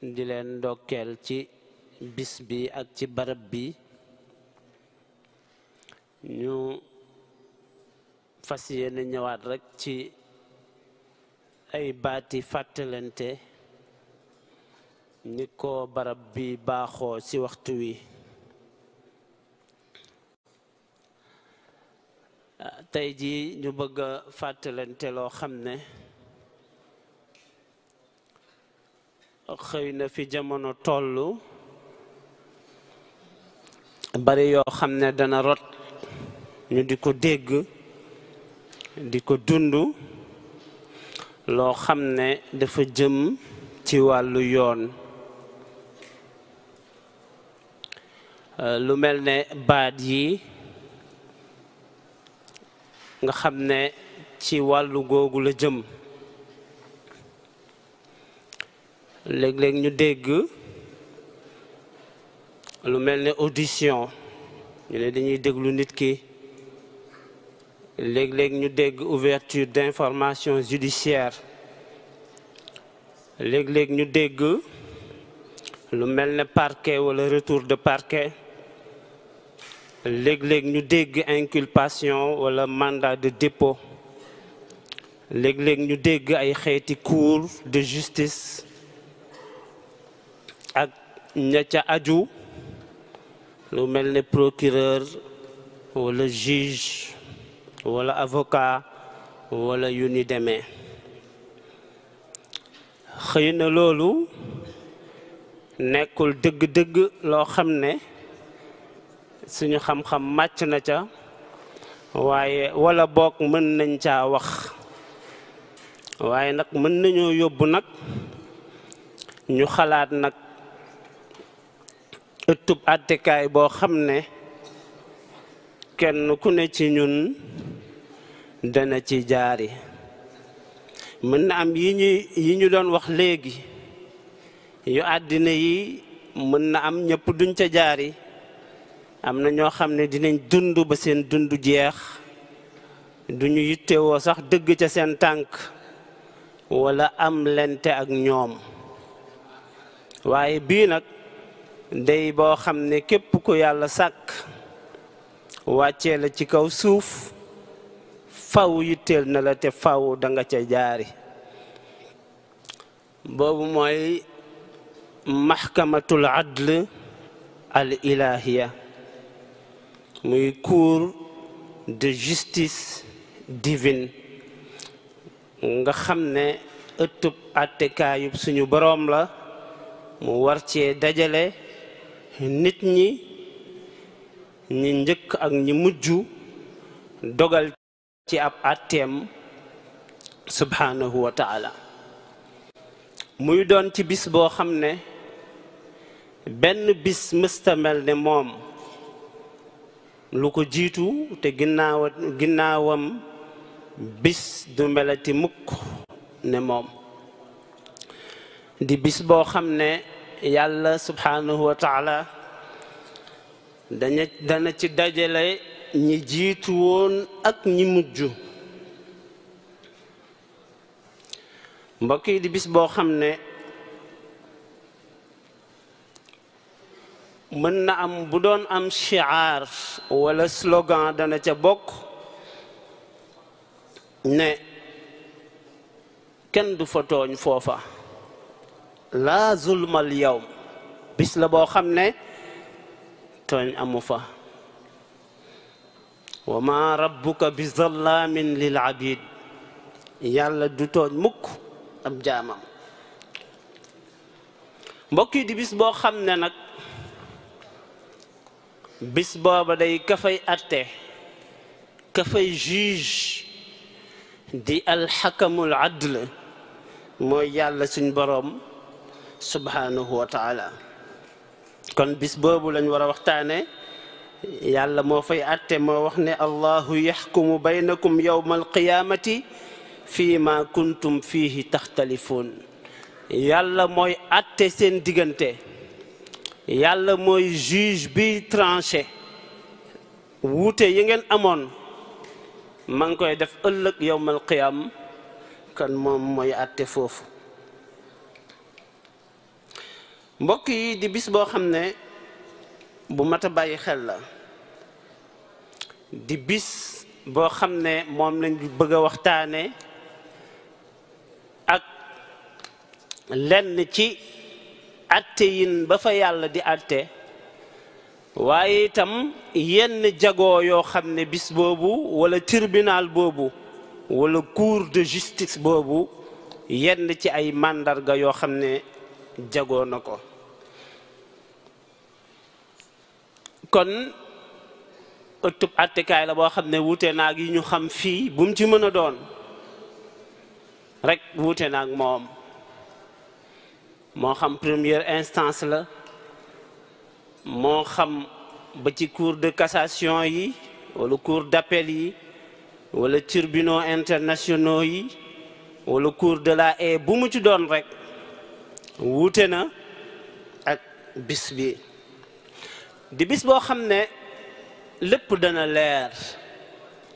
di leen ci bis bi ak ci barab bi ñu fas yéene ñëwaat rekk ci ay baati fàttalante ni ko barab bi baaxoo ci waxtu wi tey ji ñu bëgga a fàttalante loo xam ne xëy na fi jamono tollu bari yoo xam ne dana rot ñu di ko dégg di ko dund loo xam ne dafa jëm ci wàllu yoon euh, lu mel ne baat yi nga xam ne ci wàllu googu la jëm léeg-léeg ñu dégg lu mel ne audition ñu ne dañuy déglu nit ki léeg-léeg ñu dégg ouverture d'information judiciaire léeg-léeg ñu dégg lu mel ne parquet wala retour de parquet léeg-léeg ñu dégg inculpation wala mandat de dépôt léeg-léeg ñu dégg ay xeeti cour de justice ak ña ca aju lu mel ne procureur wala juge wala avocat wala yu ni demee xëy na loolu nekkul dëgg-dëgg loo xam ne suñu xam-xam màcc na ca waaye wala bokk mën nañ caa wax waaye nag mën nañoo yóbbu nag ñu xalaat nag ëttub àttekaay boo xam ne kenn ku ne ci ñun dana ci jaari mën na am yi ñuy ñu doon wax léegi yu àddina yi mën na am ñépp duñ ca jaari am na ñoo xam ne dinañ dund ba seen dund jeex duñu yittewoo sax dëgg ca seen tànk wala am lente ak ñoom waaye bii nag day boo xam ne képp ko yàlla sàkk wàccee la ci kaw suuf faw yitteel na la te faw danga ca jaari boobu mooy maxkamatul adl al ilahiya muy cour de justice divine nga xam ne ëttub àttekaayub suñu boroom la mu war cee dajale nit ñi ñi njëkk ak ñi mujj dogal ci ab àtteem subhaanahu wa muy doon ci bis boo xam ne benn bis mëstamel ne moom lu ko jiitu te ginnaaw ginnaawam bis du melati mukk ne moom di bis boo xam ne yàlla subhaanahu wa taala daña dana ci dajale ñi jiituwoon ak ñi mujj mbokk di bis boo xam ne mën na am bu doon am shiar wala slogan dana ca bokk ne kenn du fa tooñ foofa laa zulmal yawm bis la boo xam ne tooñ amu fa wa ma rabbuka bi zallaamin lil abid yàlla du tooñ mukk ab jaamam mbokk di bis boo xam ne nag bis booba day kafay atte kafay juge di alxakamul adl mooy yàlla suñ boroom subhanahu wa kon bis boobu lañ war a waxtaane yàlla moo fay atte moo wax ne allahu yaxkumu baynakum yowma alqiyaamati fii ma kuntum fiihi taxtalifuun yàlla mooy atte seen diggante yàlla mooy juge bi tranché wuute yi ngeen amoon maa ngi koy def ëllëg yowma alqiyaam kon moom mooy atte foofu mbokk yi di bis boo xam ne bu mat a bàyyi xel la di bis boo xam ne moom lañ bëgg a waxtaane ak lenn ci atte yin ba fa yàlla di atte waaye itam yenn jagoo yoo xam ne bis boobu wala tirbinaal boobu wala cour de justice boobu yenn ci ay màndarga yoo xam ne jagoo na ko kon ëttub attekaay la boo xam ne wuute naag yi ñu xam fii bu mu ci mën a doon rek wuute naag moom moo xam première instance la moo xam ba ci cour de cassation yi wala cour d'appel yi wala tribunaux internationaux yi wala cour de la haie bu mu ci doon rek wuute na ak bis bi di bis boo xam ne lépp dana leer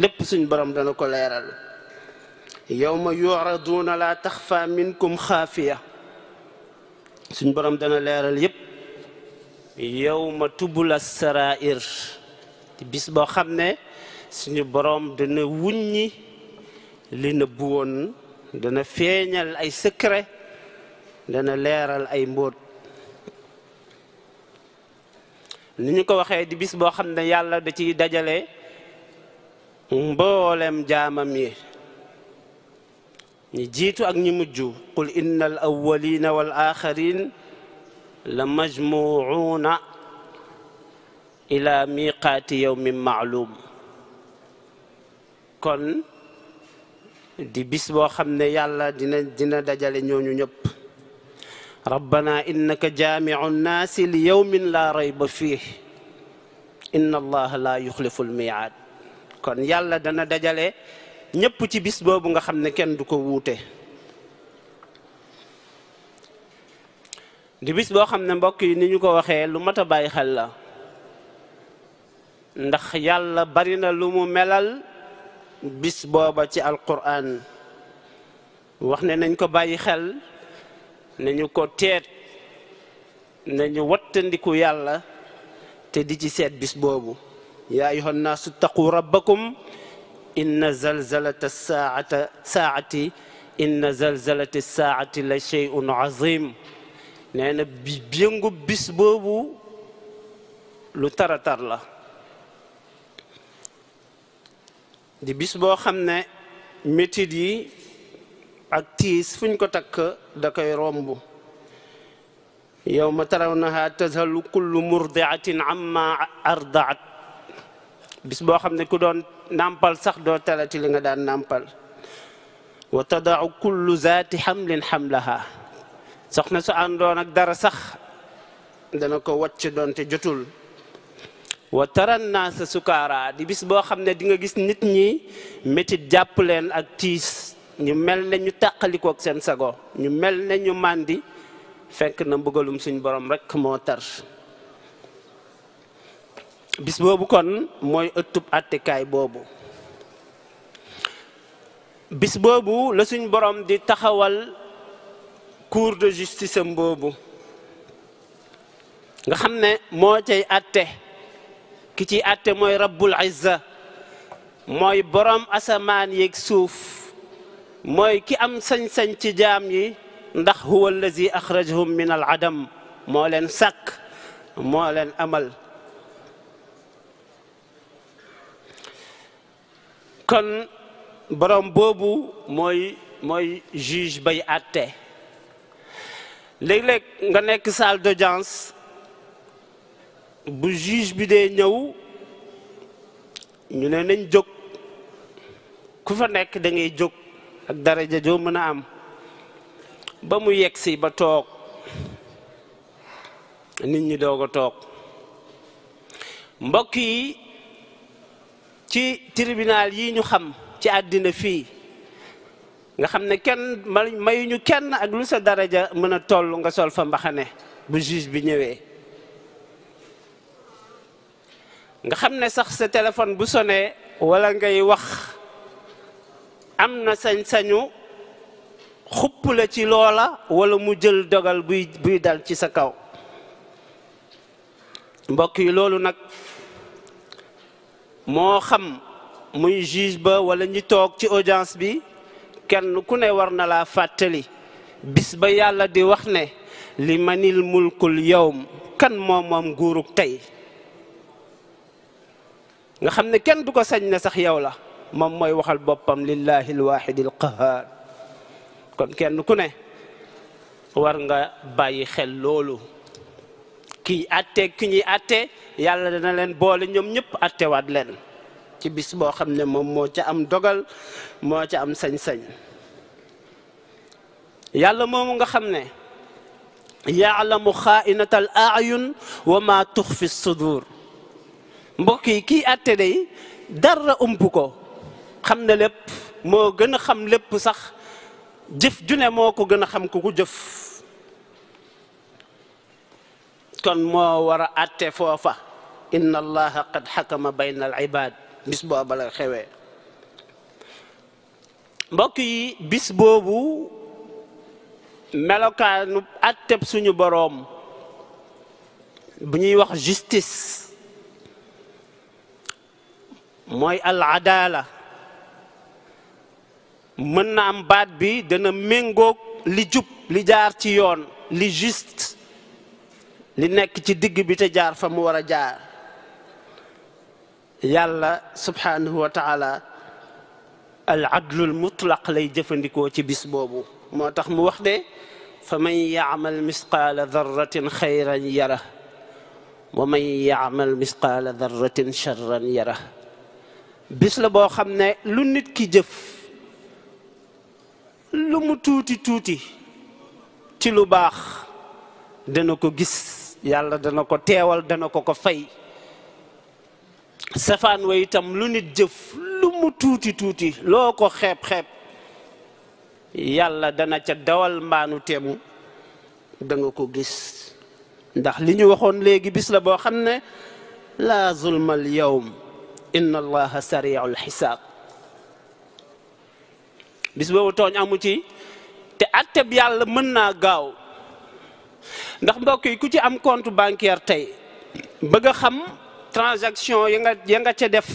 lépp suñ borom dana ko leeral yawma yu'raduuna laa taxfa minkum xaafiya suñ borom dana leeral yépp yawma tubula sarair di bis boo xam ne suñu borom dana wuññi li nëbbu woon dana feeñal ay secret dana leeral ay mbóot ni ñu ko waxee di boo xam ne yàlla da ciy dajale mboolem jaamam yi ñi jiitu ak ñi mujj qul inna al awwalina wal axirin la majmuuna ila miqaati yawmin maalum kon di boo xam ne yàlla dina dina dajale ñooñu ñëpp rabbana innaka jaamicu nnaasi li yowmin laa rayba fiih inna allaha laa yuxlifu lmiicaad kon yàlla dana dajale ñépp ci bis boobu nga xam ne kenn du ko wuute di bis boo xam ne mbokk yi ni ñu ko waxee lu mat a bàyyi xel la ndax yàlla bari na lu mu melal bis booba ci alquran wax ne nañ ko bàyyi xel nañu ko teet nañu wattandiku yàlla te di ci seet bis boobu yaa ayuha nnaasu taqu rabbakum inna zalzalata saata ati inna zalzalati saati la sheyun azim nee na bi yëngu bis boobu lu taratar la di bis boo xam ne métit ak tiis fuñ ko takk da koy romb yowma tarawnaha tazhalu kullu murdiatin amma ardaat bis boo xam ne ku doon nàmpal sax doo talati li nga daan nàmpal wa tadaau kullu zaati xamlin xamlaha soxna su àndoon ak dara sax dana ko wàcc doonte jotul wa tarannaasa sukaara di bis boo xam ne dinga gis nit ñi metit jàpp leen ak tiis ñu mel ne ñu tàqalikook seen sago ñu mel ne ñu màndi fekk na mbugalum suñ borom rekk moo tar bis boobu kon mooy ëttub àttekaay boobu bis boobu la suñ borom di taxawal cour de justice am boobu nga xam ne moo cay àtte ki ci àtte mooy rabbul izza mooy borom asamaan yeeg suuf mooy ki am sañ-sañ ci jaam yi ndax huwa allazi axrajahum min al adam moo leen sàkk moo leen amal kon borom boobu mooy mooy juge bay ate léeg-léeg nga nekk salle d'audience bu juge bi dee ñëw ñu ne nañ jóg ku fa nekk dangay ngay jóg ak daraja joo mën a am ba mu yegsi ba toog nit ñi doog a toog mbokk yi ci tribunal yi ñu xam ci àddina fii nga xam ne kenn mayuñu kenn ak lu sa daraja mën a toll nga sol fa mbaxane bu juge bi ñëwee nga xam ne sax sa téléphone bu sonee walla ngay wax am na sañ-sañu xupp la ci loola walla mu jël dogal buy buy dal ci sa kaw mbokk yi loolu nag moo xam muy juge ba walla ñi toog ci audience bi kenn ku ne war na laa fàttali bis ba yàlla di wax ne li manil mulkul yow kan moom moom nguurug tey nga xam ne kenn du ko sañ na sax yow la moom mooy waxal boppam lillahi lwaxidi alqahaar kon kenn ku ne war nga bàyyi xel loolu kii atte ki ñuy atte yàlla dana leen boole ñoom ñëpp attewaat leen ci bis boo xam ne moom moo ca am dogal moo ca am sañ-sañ yàlla moomu nga xam ne yaalamu xaainata al ayun wa ma tuxfi sudur mbokk yi kii atte day dara ump ko xam na lépp moo gën a xam lépp sax jëf ju ne moo ko gën a xam ku ko jëf kon moo war a àtte foofa inna allaha qad xakama bayna al ibad bis booba la xewee mbokk yi bis boobu melokaanu àtteb suñu boroom bu ñuy wax justice mooy al adala mën na am baat bi dana méngoog li jub li jaar ci yoon li juste li nekk ci digg bi te jaar fa mu war a jaar yàlla subhaanahu wa taala al adlul mutlaq lay jëfandikoo ci bis boobu moo tax mu wax de fa man yaamal misqaala darratin xayran yara wa man yaamal misqaala darratin charran yara bis la boo xam ne lu nit ki jëf lu mu tuuti tuuti ci lu baax dana ko gis yàlla dana ko teewal dana ko ko fay safaan wa itam lu nit jëf lu mu tuuti tuuti loo ko xeeb-xeeb yàlla dana ca dawal mbaanu teemu da ko gis ndax li ñu waxoon léegi bis la boo xam ne laa zulmal yawm inna allaha sari'ul xisaab bis boobu tooñ amu ci te atteb yàlla mën naa gaaw ndax mbokk yi ku ci am compte bancaire tey bëgg a xam transaction ya nga ya nga ca def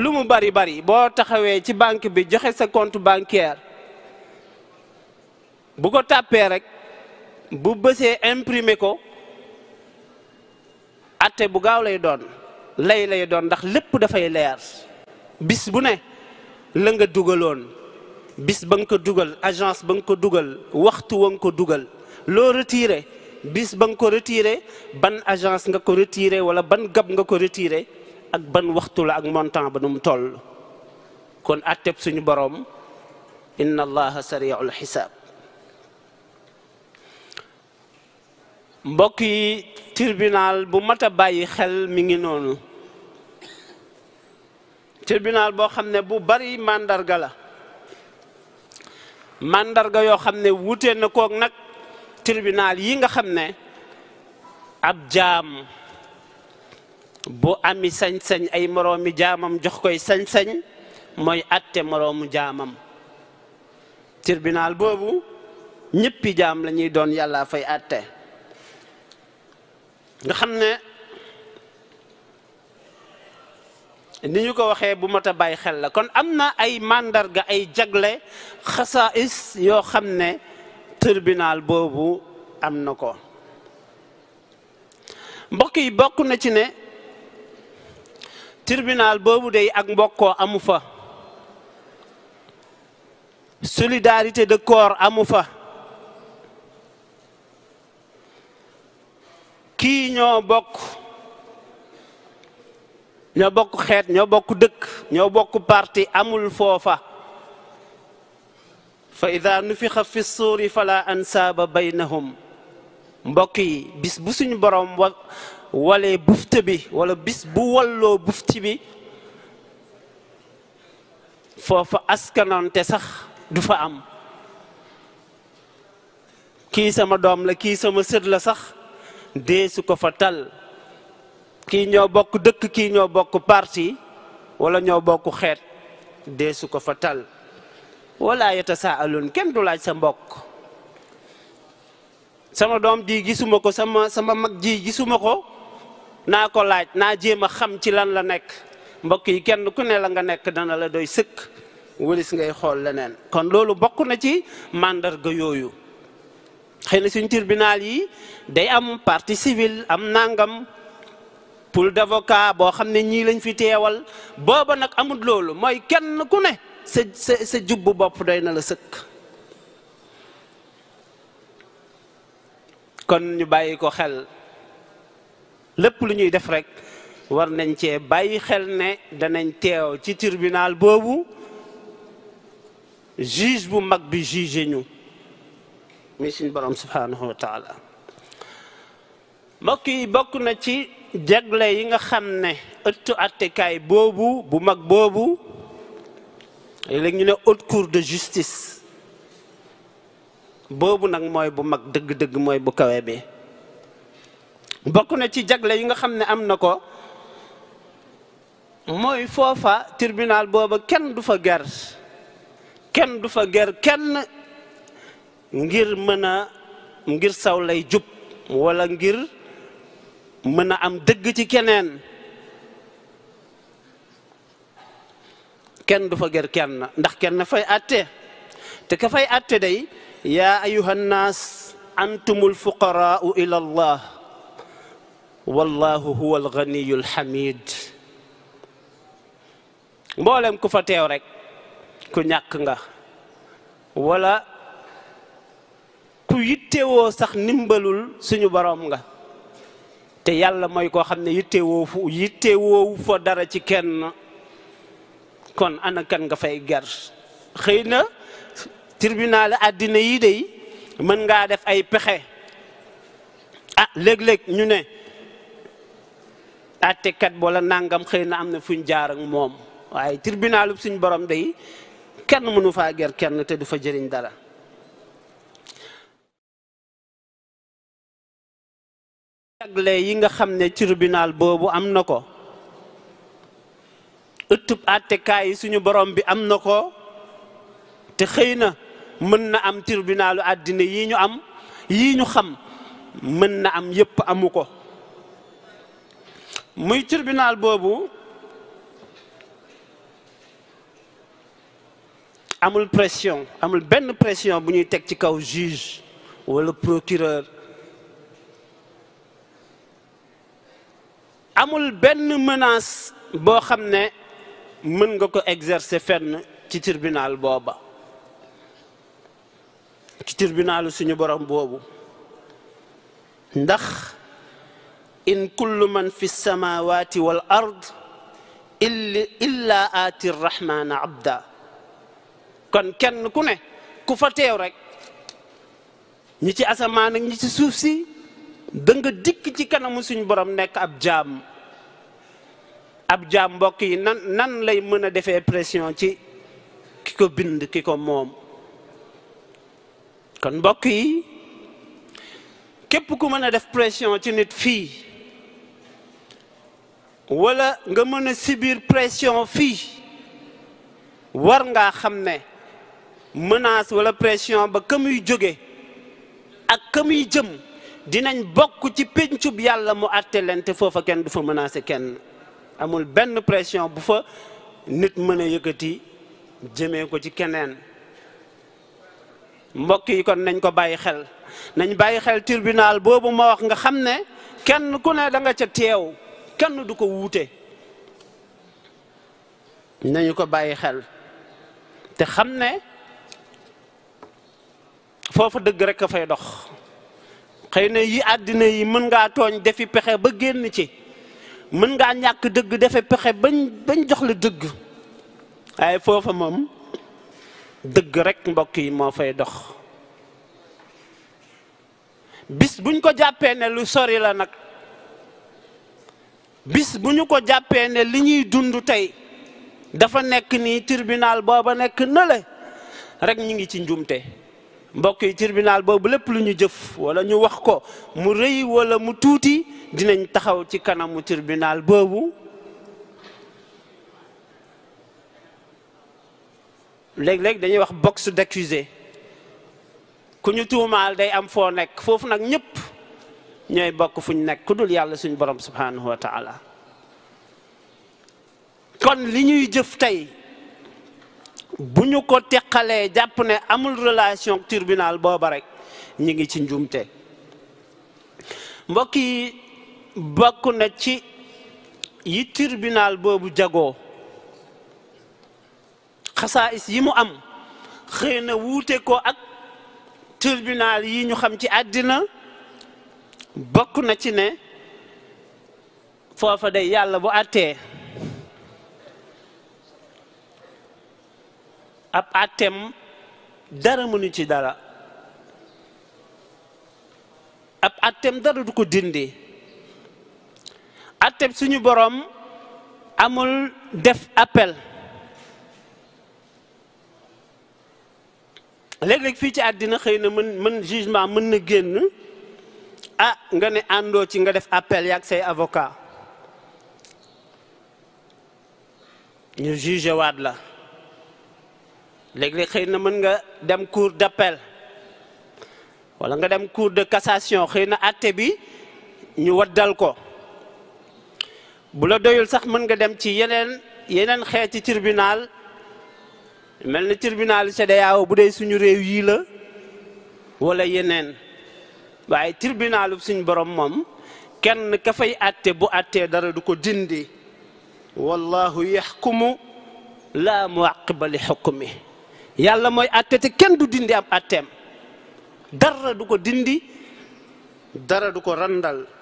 lu mu bari bari boo taxawee ci banque bi joxe sa compte bancaire bu ko tàppee rek bu bësee imprimer ko ate bu gaaw lay doon lay lay doon ndax lépp dafay leer bis bu ne la nga dugaloon bis ba nga ko dugal agence ba nga ko dugal waxtu wa nga ko dugal loo retiré bis ba nga ko retiré ban agence nga ko retiré wala ban gab nga ko retiré ak ban waxtu la ak montant ba nu mu toll kon atteb suñu boroom inna allaha sari'ul xisaab mbokk yi tribunal bu mat a bàyyi xel mi ngi noonu tribunal boo xam ne bu bari màndarga la màndarga yoo xam ne wutee na koog nag tirbinaal yi nga xam ne ab jaam bu ami sañ-sañ ay moroomi jaamam jox koy sañ-sañ mooy atte moroomu jaamam tribunal boobu ñëppi jaam lañuy doon yàlla fay atte nga xam ne ni ñu ko waxee bu mot a bàyyi xel la kon am na ay màndarga ay jagle xasaais yoo xam ne tribunal boobu am na ko mbokk yi bokk na ci ne tribunal boobu day ak mbokkoo amu fa solidarité de corps amu fa kii ñoo bokk ñoo bokk xeet ñoo bokk dëkk ñoo bokk parti amul foofa fa ida nufixa fi suuri fala ansaaba baynahum mbokk yi bis bu suñu boroom wa bufte bi wala bis bu walloo bufti bi foofa askanoonte sax du fa am kii sama doom la kii sama sët la sax dee su ko fa tal kii ñoo bokk dëkk kii ñoo bokk parti wala ñoo bokk xeet deesu ko fa tal wala aloon kenn du laaj sa mbokk sama doom ji gisuma ko sama sama mag ji gisuma ko naa ko laaj naa jéem a xam ci lan la nekk mbokk yi kenn ku ne la nga nekk dana la doy sëkk wëlis ngay xool leneen kon loolu bokk na ci màndarga yooyu xëy suñ tribunal yi day am partie civile am nangam pool d'avocat boo xam ne ñii lañ fi teewal booba nag amul loolu mooy kenn ku ne sa sa sa jubbu bopp day na la sëkk kon ñu bàyyi ko xel lépp lu ñuy def rekk war nañ cee bàyyi xel ne danañ teew ci tribunal boobu juge bu mag bi juge ñu muy suñ boroom subhanahu wa taala mbokk bokk na ci jagle yi nga xam ne ëttu attekaay boobu bu mag boobu léegi ñu ne haute cour de justice boobu nag mooy bu mag dëgg-dëgg mooy bu kawe bi bokk na ci jagle yi nga xam ne am na ko mooy foofa tribunal booba kenn du fa ger kenn du fa ger kenn ngir mën a ngir saw lay jub wala ngir mën na am dëgg ci keneen kenn du fa ger kenn ndax kenn fay atte te ka fay atte day yaa ayuha nnaas antumul fuqaraau ila allah wallahu huwa alganiyu alxamid mboolem ku fa teew rek ku ñàkk nga wala ku yittewoo sax ndimbalul suñu boroom nga te yàlla mooy koo xam ne yittewoo fu yittewoowu fa dara ci kenn kon ana kan nga fay ger xëy na tribunal àddina yi de mën ngaa def ay pexe ah léeg-léeg ñu ne àttekat boola nangam xëy na am na fuñ jaar ak moom waaye tribunal suñ borom de kenn mënu faa ger kenn te du fa jëriñ dara jagle yi nga xam ne tribunal boobu am na ko ëttub àttekaay yi suñu borom bi am na ko te xëy na mën na am tribunalu àddina yii ñu am yii ñu xam mën na am yépp amu ko muy tribunal boobu amul pression amul benn pression bu ñuy teg ci kaw juge wala procureur amul benn menace boo xam ne mën nga ko exercer fenn ci tribunal booba ci tribunalu suñu borom boobu ndax in kul man fi samawati wal ard illa aati rrahmana abda kon kenn ku ne ku fa teew rek ñi ci asamaan ak ñi ci suuf si da nga dikk ci kanamu suñ borom nekk ab jaam ab jaam mbokk yi nan nan lay mën a defee pression ci ki ko bind ki ko moom kon mbokk yi képp ku mën a def pression ci nit fii wala nga mën a subir pression fii war ngaa xam ne mënaas wala pression ba ka muy jóge ak ka muy jëm dinañ bokk ci péncub yàlla mu àtte leen te foofa kenn du fa menacé kenn amul benn pression bu fa nit mën a yëkkati jëmee ko ci keneen mbokk yi kon nañ ko bàyyi xel nañ bàyyi xel tribunal boobu ma wax nga xam ne kenn ku ne danga ca teew kenn du ko wuute nañu ko bàyyi xel te xam ne foofu dëgg rekk a fay dox xëy na yi àddina yi mën ngaa tooñ defi pexe ba génn ci mën ngaa ñàkk dëgg defe pexe bañ bañ jox la dëgg waaye foofa moom dëgg rek mbokk yi moo fay dox bis buñ ko jàppee ne lu sori la nag bis bu ñu ko jàppee ne li ñuy dund tey dafa nekk nii tribunal booba nekk nële le rek ñu ngi ci njuumte mbokk yi tribunal boobu lépp lu ñu jëf walla ñu wax ko mu rëy wala mu tuuti dinañ taxaw ci kanamu tribunal boobu léeg-léeg dañuy wax box d'accusé ku ñu tuumaal day am foo nekk foofu nag ñëpp ñooy bokk fu ñu nekk ku dul yàlla suñ borom subhanahu wa kon li ñuy jëf tey bu ñu ko teqalee jàpp ne amul relation tribunal booba rek ñi ngi ci njuumte mbokk yi bokk na ci yi tribunal boobu jagoo xasaais yi mu am xëy na wuute ko ak tribunal yi ñu xam ci àddina bokk na ci ne foofa de yàlla bu àttee ab àtteem dara mënu ci dara ab àtteem dara du ko dindi àtteem suñu boroom amul def appel léegi léeg fii ci àddina xëy na mën mën jugement mën na génn ah nga ne àndoo ci nga def appel yaag say avocat ñu juge waat la léegi léeg xëy na mën nga dem cour d'appel wala nga dem cour de cassation xëy na àtte bi ñu waddal ko bu la doyul sax mën nga dem ci yeneen yeneen xeeti tribunal mel ni tribunal CEDEAO bu dee suñu réew yii la wala yeneen waaye tribunalu suñu borom moom kenn ka fay àtte bu àttee dara du ko dindi wallahu yaxkumu laa muaqiba li mi yàlla mooy àtte kenn du dindi am àtteem dara du ko dindi dara du ko randal